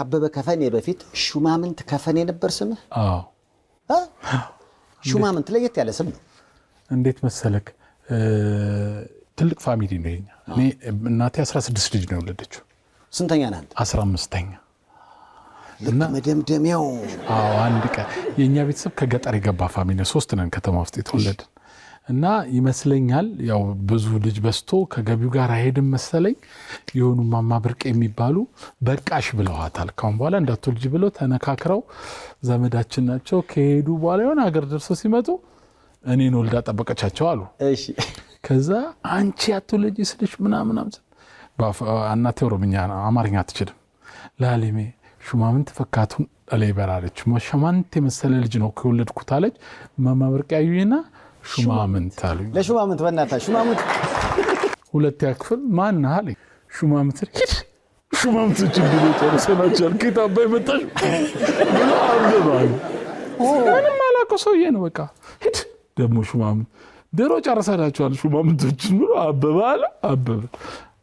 ከአበበ ከፈኔ በፊት ሹማምንት ከፈኔ ነበር ስምህ? ሹማምንት ለየት ያለ ስም ነው። እንዴት መሰለክ፣ ትልቅ ፋሚሊ ነው የኛ። እኔ እናቴ 16 ልጅ ነው የወለደችው። ስንተኛ ናት? 15ተኛ እና መደምደሚያው። አንድ ቀን የእኛ ቤተሰብ ከገጠር የገባ ፋሚሊ ነው። ሶስት ነን ከተማ ውስጥ የተወለድን እና ይመስለኛል ያው ብዙ ልጅ በዝቶ ከገቢው ጋር አይሄድም መሰለኝ። የሆኑ እማማ ብርቅ የሚባሉ በቃሽ ብለዋታል። ካሁን በኋላ እንዳትወልጂ ብለው ተነካክረው ዘመዳችን ናቸው። ከሄዱ በኋላ የሆነ ሀገር ደርሰው ሲመጡ እኔን ወልዳ ጠበቀቻቸው አሉ። ከዛ አንቺ አትወልጂ ስልሽ ምናምናም እናቴ ኦሮምኛ አማርኛ አትችልም። ላሊሜ ሹማምንት ፈካቱን እላይ በራለች ሸማንት የመሰለ ልጅ ነው ከወለድኩት አለች። እማማ ብርቅ ያዩኝና ሹማምንት አሉ። ለሹማምንት በእናታ ሹማምንት ሁለት ያክፍል ማን አለ ሹማምንት ሂድ ሹማምንቶች እንዲሉ ጨርሰ ናቸዋል። ኬት አባይ መጣሽ ብሎ አንብባሉ። ምንም አላውቀው ሰውዬ ነው። በቃ ሂድ ደግሞ ሹማምንት ድሮ ጨርሰናቸዋል ሹማምንቶችን ብሎ አበበ አለ አበበ